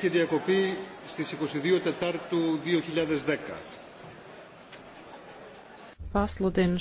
και διακοπή στις 22 Τετάρτου 2010. Pasludinu